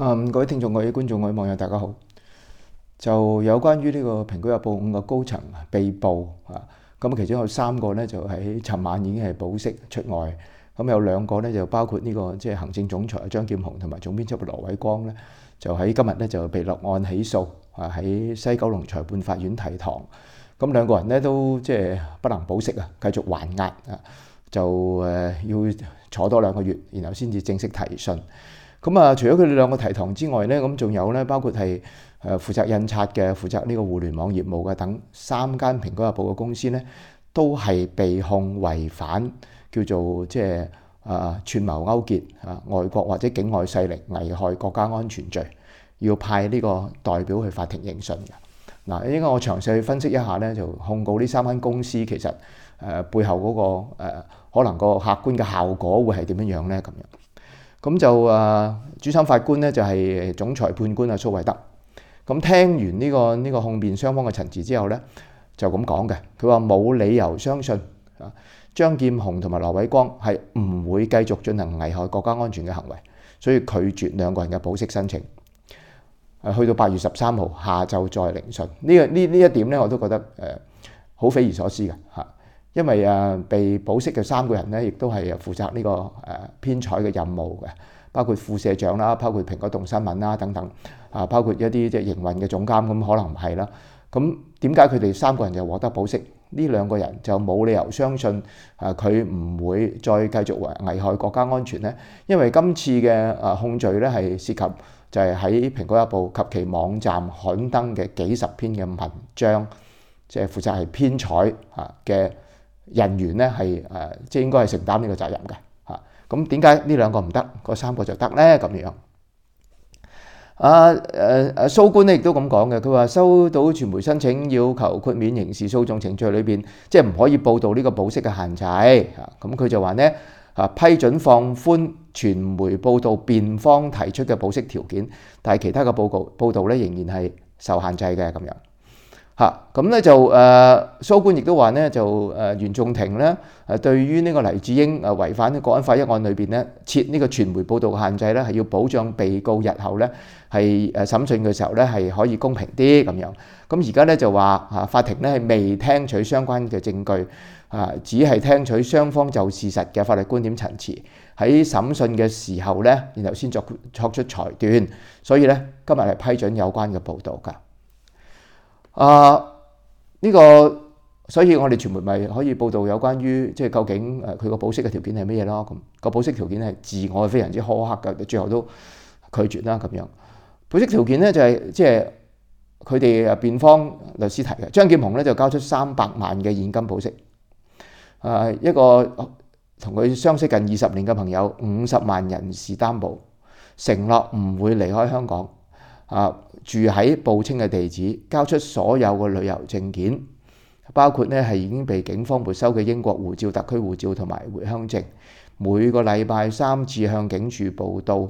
嗯，各位聽眾、各位觀眾、各位網友，大家好。就有關於呢個《蘋果日報》五個高層被捕啊，咁其中有三個咧就喺尋晚已經係保釋出外，咁有兩個咧就包括呢、這個即係、就是、行政總裁張劍虹同埋總編輯羅偉光咧，就喺今日咧就被立案起訴啊，喺西九龍裁判法院提堂。咁兩個人咧都即係、就是、不能保釋啊，繼續還押啊，就誒、呃、要坐多兩個月，然後先至正式提訊。咁啊，除咗佢哋兩個提堂之外咧，咁仲有咧，包括係誒負責印刷嘅、負責呢個互聯網業務嘅等三間蘋果日報嘅公司咧，都係被控違反叫做即係誒串謀勾結啊，外國或者境外勢力危害國家安全罪，要派呢個代表去法庭認訊嘅。嗱、啊，應該我詳細去分析一下咧，就控告呢三間公司其實誒、啊、背後嗰、嗰個、啊、可能個客觀嘅效果會係點樣呢樣咧？咁樣。咁就誒主審法官咧就係、是、總裁判官阿蘇惠德。咁聽完呢、這個呢、這個控辯雙方嘅陳詞之後咧，就咁講嘅。佢話冇理由相信啊，張劍虹同埋羅偉光係唔會繼續進行危害國家安全嘅行為，所以拒絕兩個人嘅保釋申請。誒去到八月十三號下晝再聆訊。呢個呢呢一點咧，我都覺得好、呃、匪夷所思嘅嚇因為誒被保釋嘅三個人咧，亦都係負責呢個誒編採嘅任務嘅，包括副社長啦，包括蘋果動新聞啦等等，啊，包括一啲即係營運嘅總監，咁可能唔係啦。咁點解佢哋三個人就獲得保釋？呢兩個人就冇理由相信啊，佢唔會再繼續危危害國家安全咧。因為今次嘅誒控罪咧係涉及就係喺蘋果日報及其網站刊登嘅幾十篇嘅文章，即係負責係編採啊嘅。人員咧係誒，即係應該係承擔呢個責任嘅嚇。咁點解呢兩個唔得，嗰三個就得呢？咁樣？啊誒誒、啊，蘇官咧亦都咁講嘅。佢話收到傳媒申請要求豁免刑事訴訟程序裏邊，即係唔可以報導呢個保釋嘅限制嚇。咁佢就話呢，嚇、啊、批准放寬傳媒報導辯方提出嘅保釋條件，但係其他嘅報告報導咧仍然係受限制嘅咁樣。嚇咁咧就誒，蘇官亦都話咧就誒，原訟庭咧誒，對於呢個黎智英誒違反《國安法》一案裏邊咧，設呢個傳媒報導嘅限制咧，係要保障被告日後咧係誒審訊嘅時候咧係可以公平啲咁樣。咁而家咧就話嚇法庭咧係未聽取相關嘅證據，嚇只係聽取雙方就事實嘅法律觀點陳詞，喺審訊嘅時候咧，然後先作作出裁斷。所以咧今日係批准有關嘅報導噶。啊！呢、這個所以我哋傳媒咪可以報道有關於即係究竟誒佢個保釋嘅條件係乜嘢咯？咁個保釋條件係自我非常之苛刻嘅，最後都拒絕啦咁樣。保釋條件呢、就是，就係即係佢哋辯方律師提嘅，張劍虹呢，就交出三百萬嘅現金保釋。誒、啊、一個同佢相識近二十年嘅朋友五十萬人士擔保，承諾唔會離開香港。啊！住喺報稱嘅地址，交出所有嘅旅遊證件，包括呢係已經被警方沒收嘅英國護照、特區護照同埋回鄉證。每個禮拜三次向警署報到，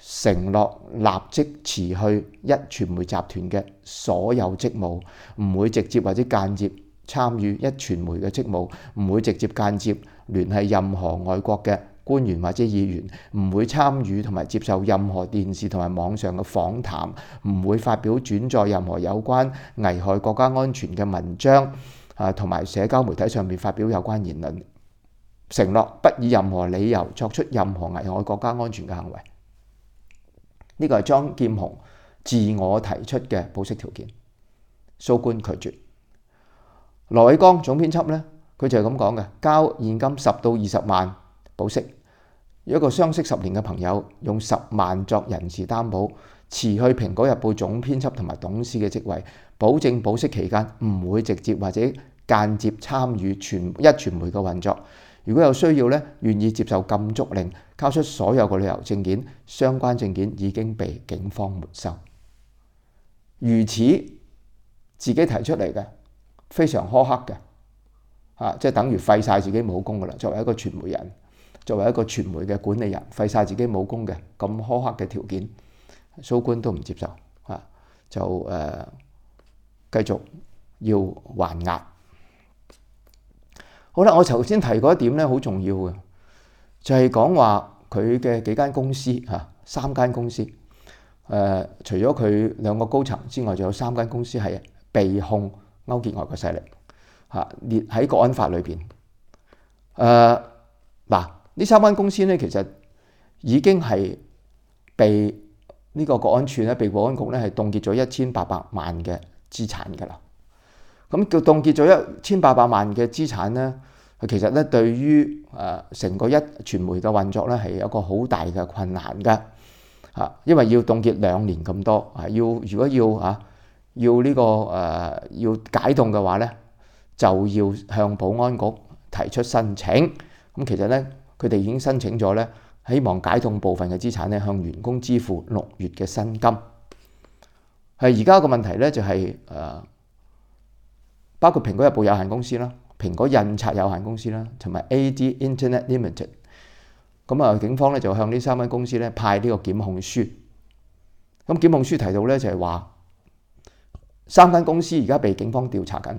承諾立即辭去一傳媒集團嘅所有職務，唔會直接或者間接參與一傳媒嘅職務，唔會直接間接聯繫任何外國嘅官員或者議員，唔會參與同埋接受任何電視同埋網上嘅訪談，唔會發表轉載任何有關危害國家安全嘅文章，啊同埋社交媒體上面發表有關言論，承諾不以任何理由作出任何危害國家安全嘅行為。呢個係張劍虹自我提出嘅保釋條件，蘇官拒絕。羅偉光總編輯呢，佢就係咁講嘅，交現金十到二十萬保釋。一個相識十年嘅朋友，用十萬作人事擔保，辭去《蘋果日報》總編輯同埋董事嘅職位，保證保釋期間唔會直接或者間接參與壹傳媒嘅運作。如果有需要咧，願意接受禁足令，交出所有嘅旅遊證件。相關證件已經被警方沒收。如此自己提出嚟嘅，非常苛刻嘅，啊，即係等於廢晒自己武功噶啦。作為一個傳媒人。作為一個傳媒嘅管理人，廢晒自己武功嘅咁苛刻嘅條件，蘇官都唔接受啊！就誒、呃、繼續要還押。好啦，我頭先提過一點咧，好重要嘅，就係講話佢嘅幾間公司嚇、啊，三間公司誒、啊，除咗佢兩個高層之外，仲有三間公司係被控勾結外國勢力嚇，列、啊、喺《國安法》裏、啊、邊。誒、啊、嗱。呢三間公司咧，其實已經係被呢個國安處咧、被保安局咧，係凍結咗一千八百萬嘅資產㗎啦。咁叫凍結咗一千八百萬嘅資產咧，其實咧對於誒成個一傳媒嘅運作咧，係有一個好大嘅困難㗎。嚇，因為要凍結兩年咁多，啊，要如果要啊，要呢個誒、啊、要解凍嘅話咧，就要向保安局提出申請。咁其實咧。佢哋已經申請咗咧，希望解凍部分嘅資產咧，向員工支付六月嘅薪金。係而家個問題咧，就係誒包括蘋果日報有限公司啦、蘋果印刷有限公司啦，同埋 AD Internet Limited。咁啊，警方咧就向呢三間公司咧派呢個檢控書。咁檢控書提到咧，就係話三間公司而家被警方調查緊，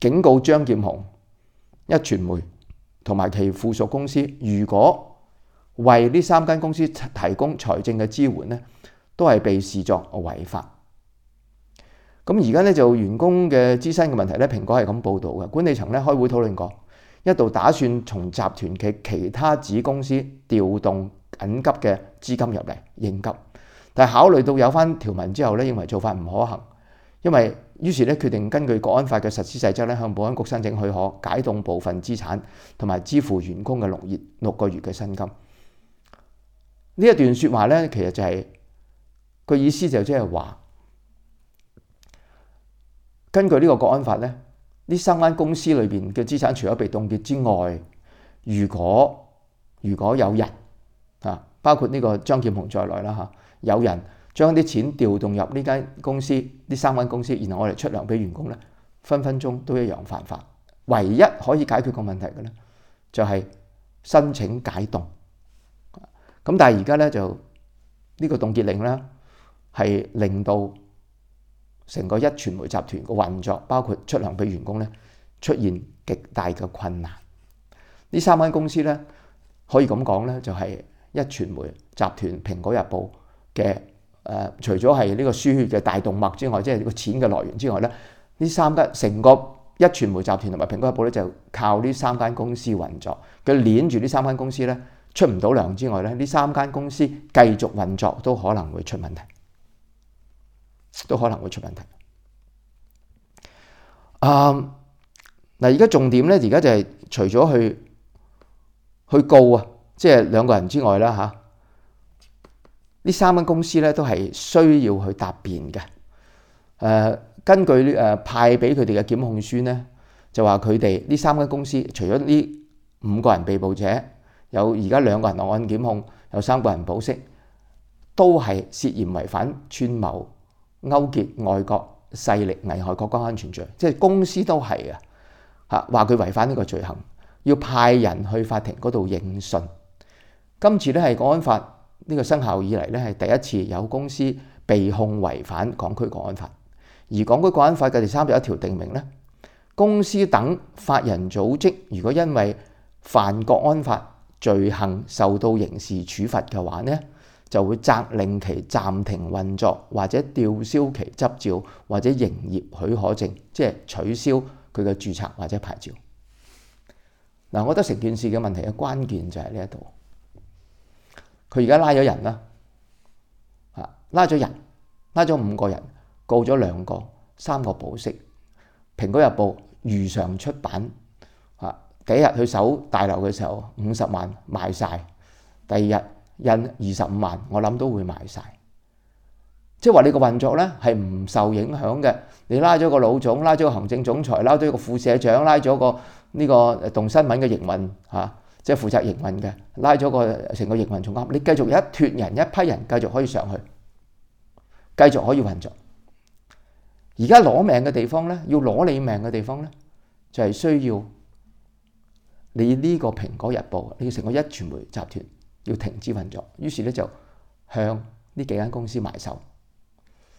警告張劍虹一傳媒。同埋其附屬公司，如果為呢三間公司提供財政嘅支援呢，都係被視作違法。咁而家呢，就員工嘅資薪嘅問題呢，蘋果係咁報道嘅，管理層呢，開會討論過，一度打算從集團嘅其他子公司調動緊急嘅資金入嚟應急，但係考慮到有返條文之後呢，認為做法唔可行，因為。於是咧，決定根據國安法嘅實施細則咧，向保安局申請許可解凍部分資產，同埋支付員工嘅六月六個月嘅薪金。呢一段說話咧，其實就係、是、個意思，就即係話，根據呢個國安法咧，呢三間公司裏邊嘅資產除咗被凍結之外，如果如果有人啊，包括呢個張劍虹在內啦吓，有人。將啲錢調動入呢間公司，呢三間公司，然後我哋出糧俾員工咧，分分鐘都一樣犯法。唯一可以解決個問題嘅咧，就係申請解凍。咁但係而家咧就呢個凍結令咧，係令到成個一傳媒集團嘅運作，包括出糧俾員工咧，出現極大嘅困難。呢三間公司咧，可以咁講咧，就係一傳媒集團、蘋果日報嘅。誒，除咗係呢個輸血嘅大動脈之外，即係個錢嘅來源之外呢，呢三間成個壹傳媒集團同埋蘋果日報呢，就靠呢三間公司運作。佢鏈住呢三間公司呢，出唔到糧之外呢，呢三間公司繼續運作都可能會出問題，都可能會出問題。嗯，嗱，而家重點呢，而家就係除咗去去告啊，即係兩個人之外啦，嚇。呢三間公司咧都係需要去答辯嘅。誒、呃，根據誒、呃、派俾佢哋嘅檢控書咧，就話佢哋呢三間公司，除咗呢五個人被捕者，有而家兩個人落案檢控，有三個人保釋，都係涉嫌違反串謀勾結外國勢力危害國家安全罪，即係公司都係啊！嚇，話佢違反呢個罪行，要派人去法庭嗰度應訊。今次咧係國安法。呢個生效以嚟咧，係第一次有公司被控違反港區國安法。而港區國安法嘅第三十一條定明：呢公司等法人組織，如果因為犯國安法罪行受到刑事處罰嘅話呢，就會責令其暫停運作，或者吊銷其執照或者營業許可證，即係取消佢嘅註冊或者牌照。嗱，我覺得成件事嘅問題嘅關鍵就喺呢一度。佢而家拉咗人啦，啊，拉咗人，拉咗五個人，告咗兩個、三個保釋。《蘋果日報》如常出版，啊，第一日去搜大樓嘅時候，五十萬賣晒。第二日印二十五萬，我諗都會賣晒。即係話你個運作咧係唔受影響嘅，你拉咗個老總，拉咗個行政總裁，拉咗個副社長，拉咗個呢個動新聞嘅營運，嚇、啊。即係負責營運嘅，拉咗個成個營運總監。你繼續一脫人一批人，繼續可以上去，繼續可以運作。而家攞命嘅地方咧，要攞你命嘅地方咧，就係需要你呢個《蘋果日報》，你要成個一傳媒集團要停止運作。於是咧就向呢幾間公司埋手。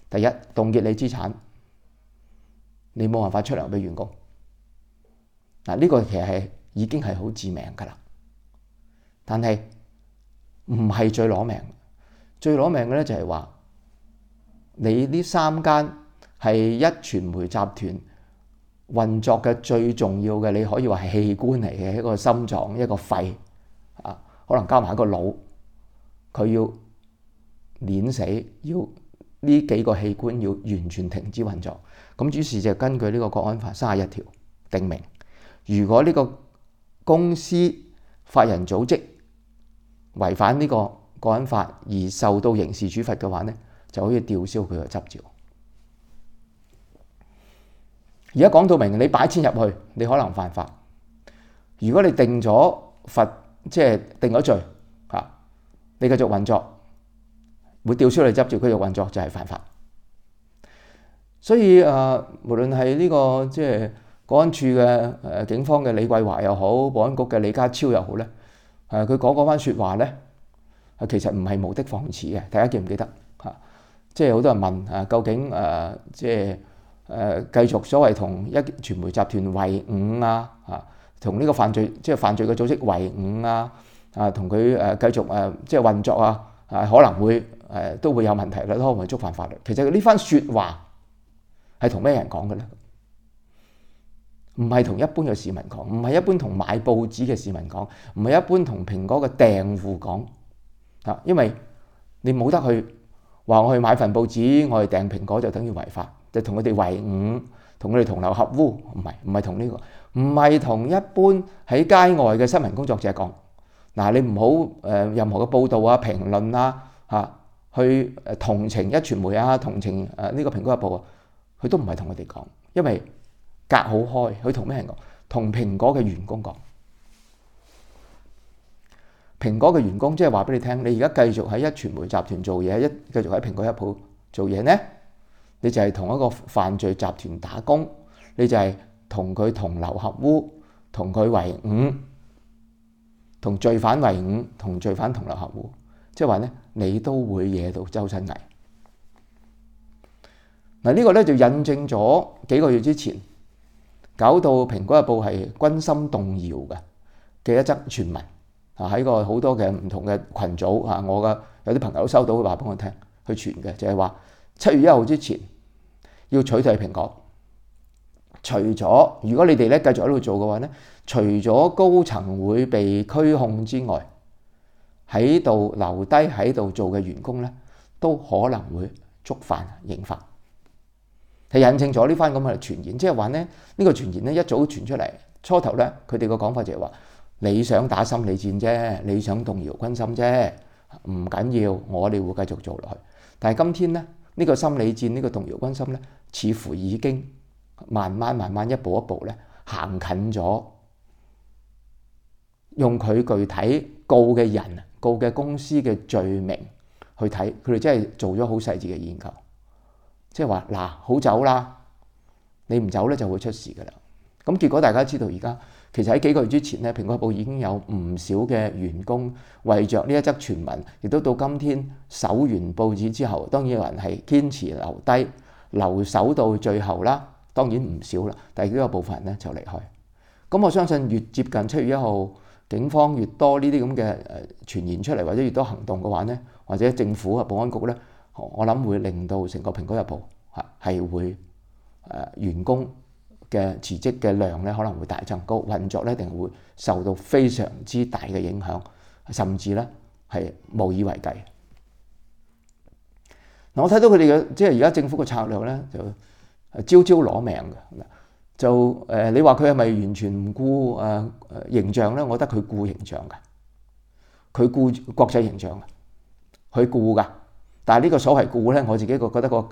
第一凍結你資產，你冇辦法出糧俾員工。嗱，呢個其實係已經係好致命噶啦。但係唔係最攞命，最攞命嘅呢就係話你呢三間係一傳媒集團運作嘅最重要嘅，你可以話係器官嚟嘅，一個心臟、一個肺啊，可能加埋一個腦，佢要碾死，要呢幾個器官要完全停止運作。咁於是就根據呢個《國安法》三十一條定名：如果呢個公司，法人組織違反呢個《國安法》而受到刑事處罰嘅話咧，就可以吊銷佢嘅執照。而家講到明，你擺錢入去，你可能犯法。如果你定咗罰，即係定咗罪嚇，你繼續運作，會吊銷你執照，繼續運作就係犯法。所以誒、啊，無論係呢、這個即係。國安處嘅誒警方嘅李桂華又好，保安局嘅李家超又好咧，誒佢講嗰番説話咧，誒、啊、其實唔係無的放矢嘅，大家記唔記得？嚇、啊，即係好多人問誒、啊，究竟誒即係誒繼續所謂同一傳媒集團為伍啊，啊同呢個犯罪即係犯罪嘅組織為伍啊，啊同佢誒繼續誒、啊、即係運作啊，啊可能會誒、啊、都會有問題啦，都可能會觸犯法律。其實呢番説話係同咩人講嘅咧？唔係同一般嘅市民講，唔係一般同買報紙嘅市民講，唔係一般同蘋果嘅訂戶講嚇，因為你冇得去話我去買份報紙，我去訂蘋果就等於違法，就同佢哋為伍，同佢哋同流合污，唔係唔係同呢個，唔係同一般喺街外嘅新聞工作者講。嗱，你唔好誒任何嘅報導啊、評論啊嚇，去同情一傳媒啊、同情誒、這、呢個蘋果日報啊，佢都唔係同佢哋講，因為。隔好開，佢同咩人講？同蘋果嘅員工講。蘋果嘅員工，即係話俾你聽，你而家繼續喺壹傳媒集團做嘢，一繼續喺蘋果一鋪做嘢呢？你就係同一個犯罪集團打工，你就係同佢同流合污，同佢為伍，同罪犯為伍，同罪犯同流合污。即係話咧，你都會惹到周身蟻。嗱、啊，這個、呢個咧就印證咗幾個月之前。搞到蘋果日報係軍心動搖嘅嘅一則傳聞，啊喺個好多嘅唔同嘅群組，啊我嘅有啲朋友收到佢話俾我聽，佢傳嘅就係話七月一號之前要取締蘋果，除咗如果你哋咧繼續喺度做嘅話咧，除咗高層會被拘控之外，喺度留低喺度做嘅員工咧，都可能會觸犯刑法。係引證咗呢番咁嘅傳言，即係話咧，呢個傳言咧一早傳出嚟，初頭咧佢哋嘅講法就係話你想打心理戰啫，你想動搖軍心啫，唔緊要，我哋會繼續做落去。但係今天咧，呢個心理戰，呢個動搖軍心咧，似乎已經慢慢慢慢一步一步咧行近咗，用佢具體告嘅人、告嘅公司嘅罪名去睇，佢哋真係做咗好細緻嘅研究。即係話嗱，好走啦！你唔走呢就會出事噶啦。咁結果大家知道，而家其實喺幾個月之前呢，蘋果報已經有唔少嘅員工為着呢一則傳聞，亦都到今天搜完報紙之後，當然有人係堅持留低，留守到最後啦。當然唔少啦，但係呢個部分人呢就離開。咁我相信越接近七月一號，警方越多呢啲咁嘅誒傳言出嚟，或者越多行動嘅話呢，或者政府啊、保安局呢。我諗會令到成個蘋果日報係係會誒員工嘅辭職嘅量咧，可能會大增高，運作一定會受到非常之大嘅影響，甚至咧係無以為繼。嗱，我睇到佢哋嘅即係而家政府嘅策略咧，就朝朝攞命嘅。就誒，你話佢係咪完全唔顧誒形象咧？我覺得佢顧形象嘅，佢顧國際形象嘅，佢顧噶。但係呢個所謂故咧，我自己個覺得個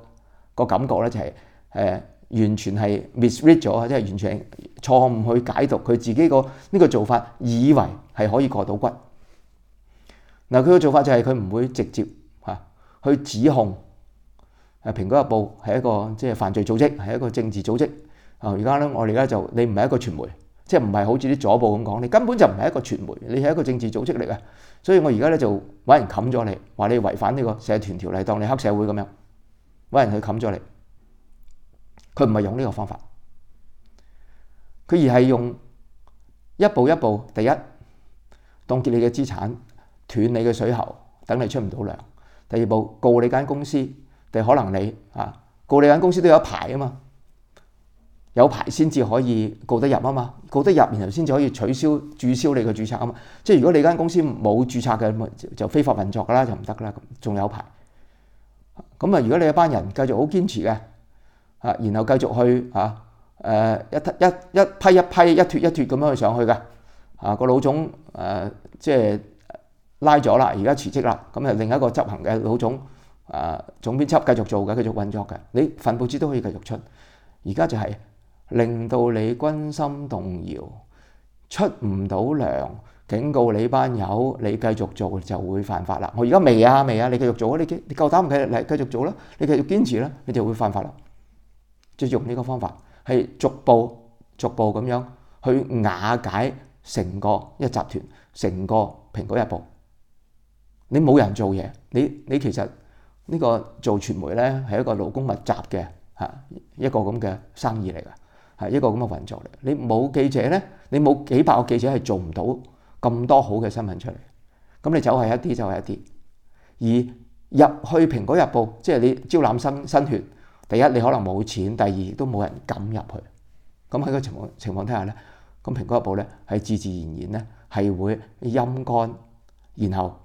個感覺咧就係、是呃、完全係 misread 咗，即係完全錯誤去解讀佢自己個呢個做法，以為係可以過到骨。嗱，佢個做法就係佢唔會直接、啊、去指控誒、啊《蘋果日報》係一個即係、就是、犯罪組織，係一個政治組織。啊，而家咧我哋而家就你唔係一個傳媒。即係唔係好似啲左報咁講？你根本就唔係一個傳媒，你係一個政治組織嚟啊！所以我而家咧就揾人冚咗你，話你違反呢個社團條例，當你黑社會咁樣，揾人去冚咗你。佢唔係用呢個方法，佢而係用一步一步。第一，凍結你嘅資產，斷你嘅水喉，等你出唔到糧。第二步，告你間公司，定可能你啊告你間公司都有一排啊嘛。有牌先至可以告得入啊嘛，告得入然後先至可以取消註銷你嘅註冊啊嘛，即係如果你間公司冇註冊嘅，就非法運作㗎啦，就唔得㗎啦。咁仲有牌，咁啊如果你一班人繼續好堅持嘅，啊然後繼續去啊誒一一一批一批一脱一脱咁樣去上去嘅，啊個老總誒、啊、即係拉咗啦，而家辭職啦，咁啊另一個執行嘅老總啊總編輯繼續做嘅，繼續運作嘅，你份報紙都可以繼續出，而家就係、是。令到你軍心動搖，出唔到糧，警告你班友，你繼續做就會犯法啦。我而家未啊未啊，你繼續做啊！你堅，你夠膽唔繼續嚟繼續做啦？你繼續堅持啦，你就會犯法啦。就用呢個方法，係逐步逐步咁樣去瓦解成個一集團，成個蘋果日報，你冇人做嘢，你你，其實呢個做傳媒呢，係一個勞工密集嘅嚇一個咁嘅生意嚟噶。係一個咁嘅運作嚟，你冇記者呢？你冇幾百個記者係做唔到咁多好嘅新聞出嚟，咁你走係一啲就係一啲。而入去《蘋果日報》，即係你招攬新新血，第一你可能冇錢，第二都冇人敢入去。咁喺個情況情況底下呢，咁《蘋果日報》呢，係自自然然呢，係會陰乾，然後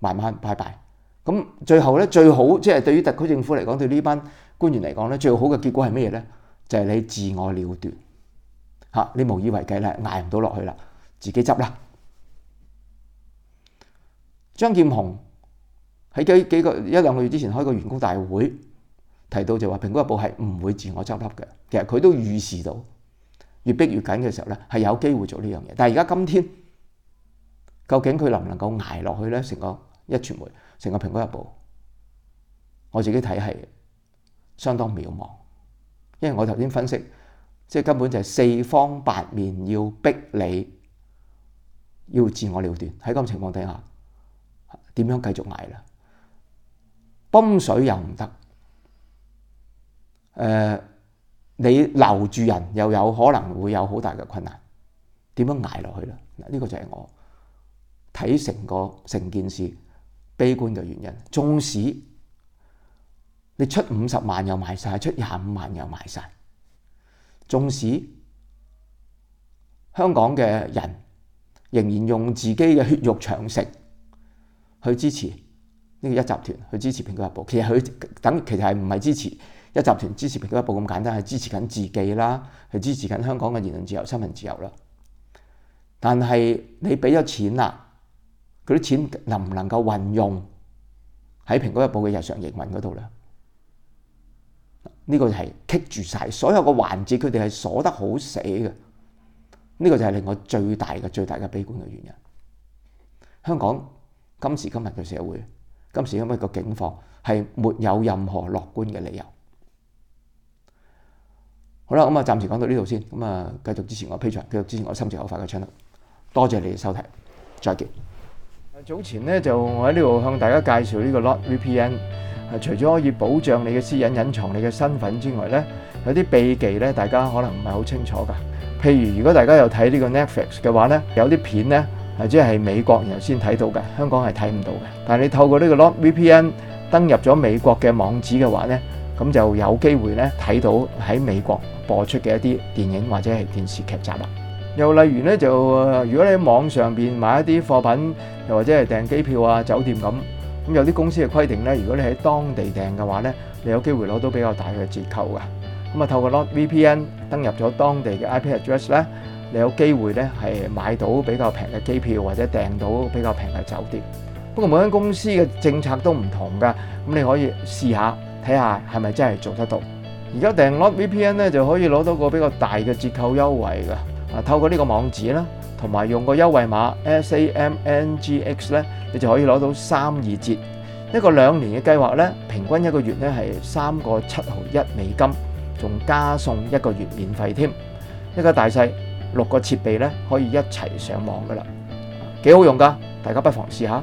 慢慢拜拜。咁最後呢，最好，即係對於特區政府嚟講，對呢班官員嚟講呢，最好嘅結果係咩嘢呢？就係你自我了斷，你無以為繼啦，捱唔到落去啦，自己執啦。張劍虹喺幾個一兩個月之前開個員工大會，提到就話《蘋果日報》係唔會自我執笠嘅。其實佢都預示到越逼越緊嘅時候呢，係有機會做呢樣嘢。但係而家今天究竟佢能唔能夠捱落去呢？成個一傳媒，成個《蘋果日報》，我自己睇係相當渺茫。因為我頭先分析，即根本就係四方八面要逼你，要自我了斷。喺咁情況底下，點樣繼續捱呢？泵水又唔得，呃，你留住人又有可能會有好大嘅困難。點樣捱落去呢？這個就係我睇成個成件事悲觀嘅原因。縱使你出五十萬又賣晒，出廿五萬又賣晒。縱使香港嘅人仍然用自己嘅血肉長城去支持呢個一集團，去支持《蘋果日報》，其實佢等其實係唔係支持一集團支持《蘋果日報》咁簡單？係支持緊自己啦，係支持緊香港嘅言論自由、新聞自由啦。但係你俾咗錢啦，佢啲錢能唔能夠運用喺《蘋果日報》嘅日常營運嗰度咧？呢個就係棘住晒所有個環節，佢哋係鎖得好死嘅。呢個就係令我最大嘅、最大嘅悲觀嘅原因。香港今時今日嘅社會，今時今日嘅境況係沒有任何樂觀嘅理由好了。好啦，咁啊暫時講到呢度先。咁啊繼續支持我的 Patreon 繼續支持我的森直口快嘅 channel。多謝你哋收睇，再見。早前咧就我喺呢度向大家介紹呢個 Lot VPN，係、啊、除咗可以保障你嘅私隱、隱藏你嘅身份之外咧，有啲秘技咧，大家可能唔係好清楚噶。譬如如果大家有睇呢個 Netflix 嘅話咧，有啲片咧，或者係美國人先睇到嘅，香港係睇唔到嘅。但係你透過呢個 Lot VPN 登入咗美國嘅網址嘅話咧，咁就有機會咧睇到喺美國播出嘅一啲電影或者係電視劇集啦。又例如咧，就如果你喺網上邊買一啲貨品，又或者係訂機票啊、酒店咁，咁有啲公司嘅規定咧，如果你喺當地訂嘅話咧，你有機會攞到比較大嘅折扣嘅。咁啊，透過 Nord VPN 登入咗當地嘅 IP address 咧，你有機會咧係買到比較平嘅機票，或者訂到比較平嘅酒店。不過每間公司嘅政策都唔同嘅，咁你可以試下睇下係咪真係做得到。而家訂 Nord VPN 咧，就可以攞到個比較大嘅折扣優惠嘅。透過呢個網址啦，同埋用個優惠碼 S A M N G X 咧，你就可以攞到三二折。呢個兩年嘅計劃咧，平均一個月咧係三個七毫一美金，仲加送一個月免費添。一家大細六個設備咧可以一齊上網噶啦，幾好用噶，大家不妨試下。